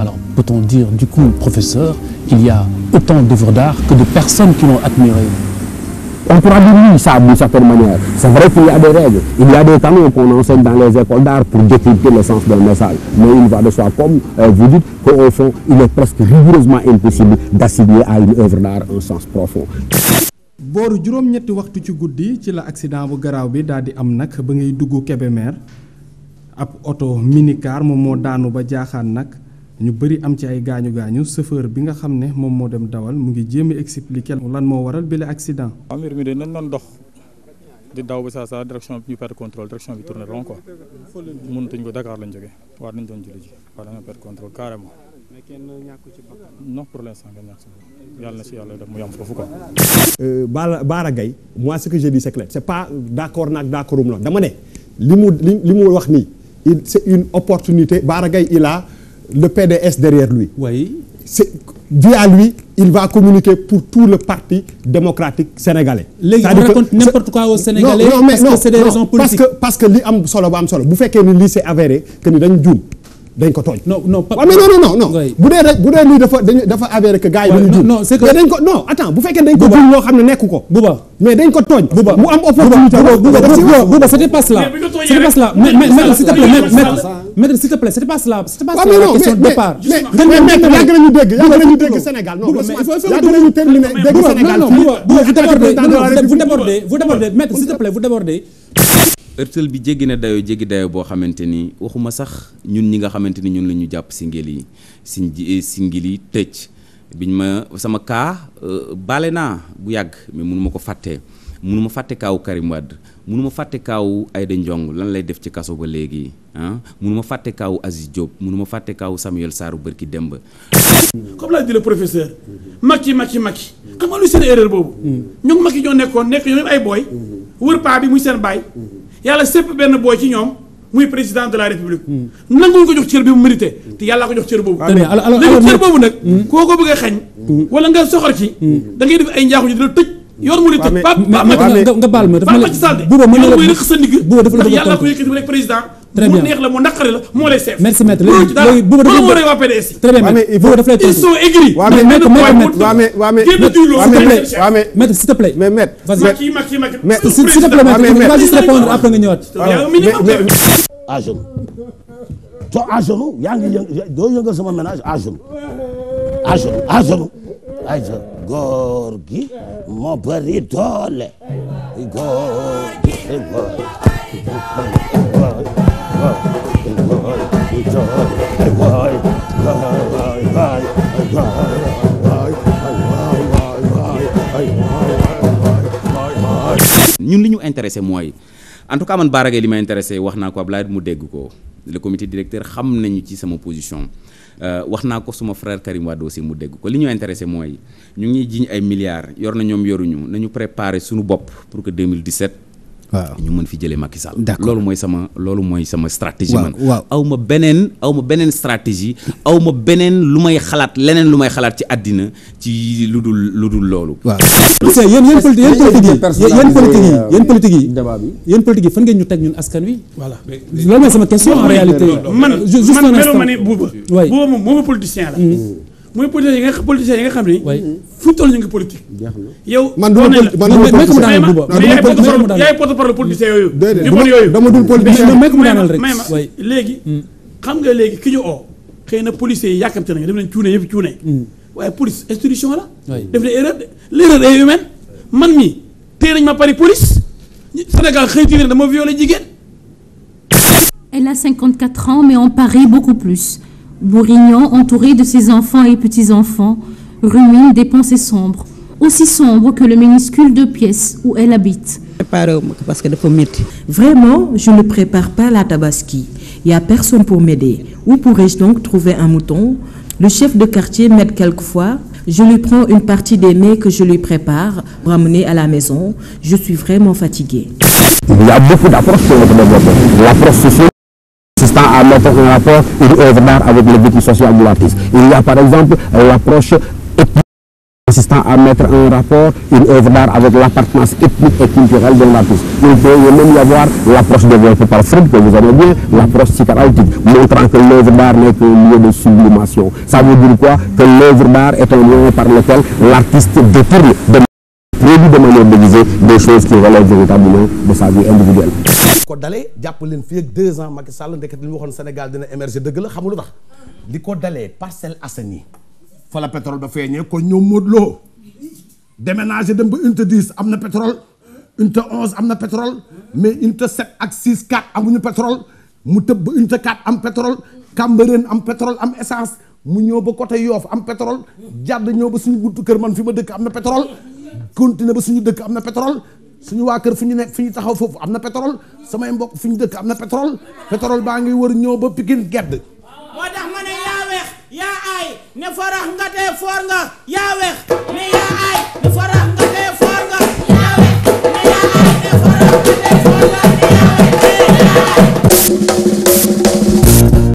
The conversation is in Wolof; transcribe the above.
Alors, peut-on dire, du coup, professeur, qu'il y a autant d'œuvres d'art que de personnes qui l'ont admiré on pourra dire oui, ça, d'une certaine manière. C'est vrai qu'il y a des règles, il y a des canons qu'on enseigne dans les écoles d'art pour décrypter le sens d'un message. Mais il va de soi, comme euh, vous dites, qu'au fond, il est presque rigoureusement impossible d'assigner à une œuvre d'art un sens profond. booru juróom-ñetti waxtu ci guddi ci la accident bu garaaw bi daal di am nag ba ngay dugg Kébémer oto minicar moo daanu ba jaaxaan nag. ñu bëri am ci ay gaañu gaañu chauffeur bi nga xam ne moom moo dem dawal mu ngi jéem a expliquer lan moo waral bi la accident. mbir mi de nañ doon dox di daw ba saa saa direction bi ñu per contrôle direction bi tourné rond quoi mënatuñ ko Dakar lañ jógee war nañ doon julli ji war nañoo perdre contrôle carrément. mais kenn ñàkku ci bakkan. ñàkk ci bakkan yàlla na si yàlla def mu yam foofu quoi. Euh, Baara Baara Gaye moi ce que je dis c'est clair c'est pas d'accord naag d'accordum la dama ne li mu li mu wax nii il c'est une opportunité Baara Gaye le PDS derrière lui. C'est via lui il va communiquer pour tout le parti démocratique sénégalais. léegi on raconte n'importe parce que li am solo ba am solo bu fekkee ni lii c'est avéré que dañ juum dañ ko tooñ. non non pas mais bu dee rek bu dee lii dafa dafa avéré que gars yi dañu juum. non dañ ko non attends bu fekkee dañ ko juum loo xam ne nekk ko. buba mais dañ ko tooñ. buba mu am opportunité. buba buba buba c'était pas cela. c'était pas cela mais mais s'il maître s'il te plaît c'était pas cela c'était pas cela la question de départ mais maître yàgg nañu dégg yàgg nañu dégg Sénégal non yàgg nañu terminé dégg Sénégal vous débordez vous débordez maître s'il te plaît vous débordez ërtël bi jéggi na dayo jéggi dayo boo xamante ni waxuma sax ñun ñi nga xamante ni ñun la ñu jàpp singil yi singi eh, singil yi tëj biñ ma sama cas euh, bale naa bu yàgg mais mënu ma ko fàttee mënu ma fàtte kaawu Karim Wade mënu ma fàtte kaawu Aïda Ndiong lan lay def ci kaso ba léegi ah mënu ma fàtte kaaw Aziz Diop mënu ma fàtte kaawu Samuel saar bërki demb comme laa di le professeur Macky Macky Macky xam nga lu seen erreur boobu ñoom Macky ñoo nekkoon nekk ñoom ay booy wër paa bi muy seen baay yàlla sépp benn booy ci ñoom muy président de la république. nanguñ ko jox cër bi mu mérité. te yàllaa ko jox cër boobu. mais alors alors léegi cër boobu nag. Mm. koo ko bëgg a wala nga soxor ci. Mm. da ngay def ay njaaxu tëj. yor mu rëcc Pape nga baal ma dafa la buuba mën na la sa ndigg buuba dafa la bëgg a yàlla ko yëkkati rek président très bien mu neex la mu naqari la moo lay seet merci maître léegi buuba dafa la waa PDS très bien buuba dafa lay tontu ils sont aigris waa mais maître maître s'il te plaît mais maître Macky Macky Macky maître s'il te plaît maître tu vas juste répondre après nga ñëwaat à genoux to à genoux yaa ngi yëngal doo yëngal sama ménage à genoux à genoux à genoux góor gi moo bari doole góor gi góor li ñu intéressé mooy en tout cas man Bara li ma intéressé wax naa ko Ablaye mu dégg ko le comité directeur xam nañu ci sama position Euh, wax naa ko suma frère Karim Wade aussi mu dégg ko li ñu intéressé mooy ñu ngi jiñ ay milliards yor na ñoom yoruñu nañu préparer suñu bopp pour que 2017 waaw ñu mën fi jëlee Macky Sall. d'accord loolu mooy sama loolu mooy sama stratégie. man aw ma beneen aw ma beneen stratégie aw ma beneen lu may xalaat leneen lu may xalaat ci àddina ci lu dul lu dul loolu. waaw yéen yéen politique yéen politique yi yéen politique yi yéen politique yi fan ngeen ñu teg ñun askan wi. voilà loolu mooy sama question en réalité. man man meluma ne Bouba. Bouba moom moom politicien la. Hmm. mooy politiciens yi nga politiciens yi nga xam ni. fu ñu toll ñu ngi politique. yow man du ma man du ma yaay mais léegi. xam nga léegi ki ñu oo. xëy na policiers yi yàkkamte nañu def nañ cuune yëpp cuune. Mm. waaye police institution la. def na erreur l'erreur est humaine. man mi tey nañ ma pari police. Sénégal xëy na dama violé jigéen. elle a 54 ans mais on parie beaucoup plus. Bourignon, entouré de ses enfants et petits-enfants, rumine des pensées sombres, aussi sombres que le minuscule de pièces où elle habite. parce que Vraiment, je ne prépare pas la tabaski. Il n'y personne pour m'aider. Où pourrais-je donc trouver un mouton Le chef de quartier m'aide quelquefois. Je lui prends une partie des mets que je lui prépare pour amener à la maison. Je suis vraiment fatiguée. Il y a beaucoup d'approches. consistant à mettre en rapport une œuvre d'art avec le vécu social de l'artiste. Il y a par exemple l'approche ethnique et culturelle de l'artiste. Il peut même y avoir l'approche développée par Freud, que vous avez bien, l'approche psychanalytique, montrant que l'œuvre d'art n'est qu'un lieu de sublimation. Ça veut dire quoi Que l'œuvre d'art est un lieu par lequel l'artiste détourne de manière déguisée des choses qui relèvent véritablement de ko dalee jàpp leen fii ak deux ans Macky Sall ndeket li mu waxoon Sénégal dina émerger dëgg la xamul lu tax li ko dalee Parcelles Assainies fa la pétrole ba feeñee kon ñoom Modou Lo déménager dem ba unité 10 am na pétrole unité 11 am na pétrole mais unité 7 ak 6 4 amuñu pétrole mu tëb ba unité 4 am pétrole Cambérène am pétrole am essence mu ñëw ba coté Yoff am pétrole jàdd ñëw ba suñu buntu kër man fi ma dëkk am na pétrole continuer ba suñu dëkk am na pétrole suñu waa kër fu ñu nekk fi ñu taxaw foofu am na pétrole sama mbokk fi ñu dëkk am na pétrole pétrole baa ngi wër ñëw ba Pikine gedd moo tax ma ne yaa weex yaa aay ne farax nga te foor nga yaa weex ne yaa aay ne farax nga te foor nga yaa weex ne yaa aay